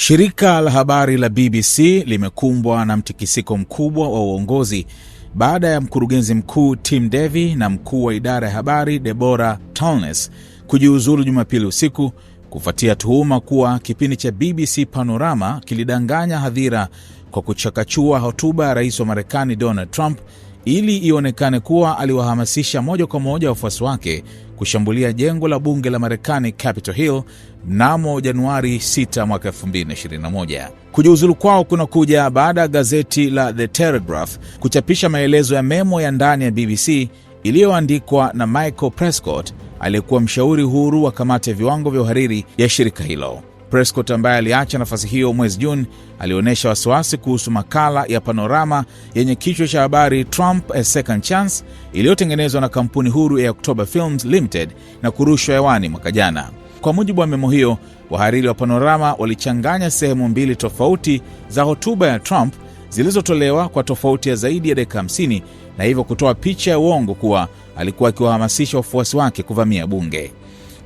Shirika la habari la BBC limekumbwa na mtikisiko mkubwa wa uongozi baada ya mkurugenzi mkuu Tim Davie na mkuu wa idara ya habari Deborah Tallness kujiuzulu Jumapili usiku kufuatia tuhuma kuwa kipindi cha BBC Panorama kilidanganya hadhira kwa kuchakachua hotuba ya rais wa Marekani Donald Trump ili ionekane kuwa aliwahamasisha moja kwa moja wafuasi wake kushambulia jengo la bunge la Marekani, Capitol Hill mnamo Januari 6 mwaka 2021. Kujiuzulu kwao kunakuja baada ya gazeti la The Telegraph kuchapisha maelezo ya memo ya ndani ya BBC iliyoandikwa na Michael Prescott aliyekuwa mshauri huru wa kamati ya viwango vya uhariri ya shirika hilo. Prescott ambaye aliacha nafasi hiyo mwezi Juni alionyesha wasiwasi kuhusu makala ya Panorama yenye kichwa cha habari Trump a Second Chance iliyotengenezwa na kampuni huru ya October Films Limited na kurushwa hewani mwaka jana. Kwa mujibu wa memo hiyo, wahariri wa Panorama walichanganya sehemu mbili tofauti za hotuba ya Trump zilizotolewa kwa tofauti ya zaidi ya dakika 50 na hivyo kutoa picha ya uongo kuwa alikuwa akiwahamasisha wafuasi wake kuvamia bunge.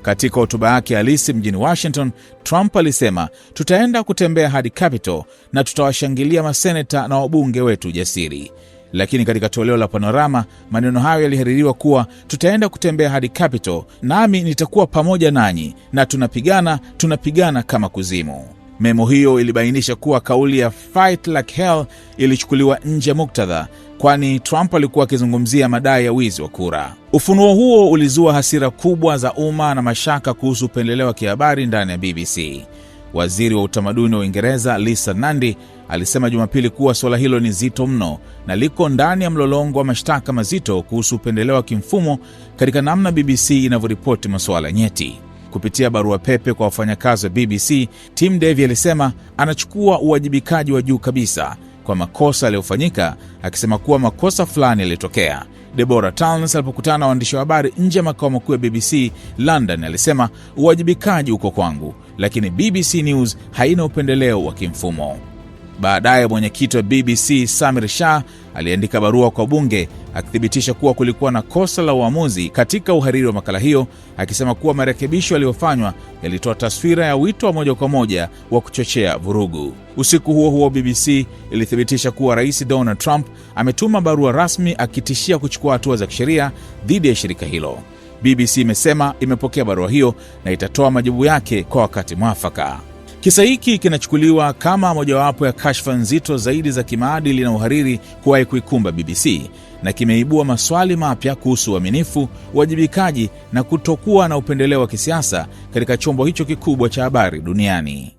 Katika hotuba yake halisi mjini Washington, Trump alisema tutaenda kutembea hadi Capitol na tutawashangilia maseneta na wabunge wetu jasiri. Lakini katika toleo la Panorama, maneno hayo yalihaririwa kuwa tutaenda kutembea hadi Capitol, nami nitakuwa pamoja nanyi, na tunapigana, tunapigana kama kuzimu. Memo hiyo ilibainisha kuwa kauli ya fight like hell ilichukuliwa nje ya muktadha kwani Trump alikuwa akizungumzia madai ya wizi wa kura. Ufunuo huo ulizua hasira kubwa za umma na mashaka kuhusu upendeleo wa kihabari ndani ya BBC. Waziri wa utamaduni wa Uingereza Lisa Nandi alisema Jumapili kuwa suala hilo ni zito mno na liko ndani ya mlolongo wa mashtaka mazito kuhusu upendeleo wa kimfumo katika namna BBC inavyoripoti masuala nyeti. Kupitia barua pepe kwa wafanyakazi wa BBC, Tim davi alisema anachukua uwajibikaji wa juu kabisa kwa makosa yaliyofanyika, akisema kuwa makosa fulani yalitokea. Debora talns alipokutana na waandishi wa habari nje ya makao makuu ya BBC London, alisema uwajibikaji uko kwangu, lakini BBC News haina upendeleo wa kimfumo. Baadaye mwenyekiti wa BBC Samir Shah aliandika barua kwa bunge akithibitisha kuwa kulikuwa na kosa la uamuzi katika uhariri wa makala hiyo, akisema kuwa marekebisho yaliyofanywa yalitoa taswira ya wito wa moja kwa moja wa kuchochea vurugu. Usiku huo huo, BBC ilithibitisha kuwa Rais Donald Trump ametuma barua rasmi akitishia kuchukua hatua za kisheria dhidi ya shirika hilo. BBC imesema imepokea barua hiyo na itatoa majibu yake kwa wakati mwafaka. Kisa hiki kinachukuliwa kama mojawapo ya kashfa nzito zaidi za kimaadili na uhariri kuwahi kuikumba BBC na kimeibua maswali mapya kuhusu uaminifu, uwajibikaji na kutokuwa na upendeleo wa kisiasa katika chombo hicho kikubwa cha habari duniani.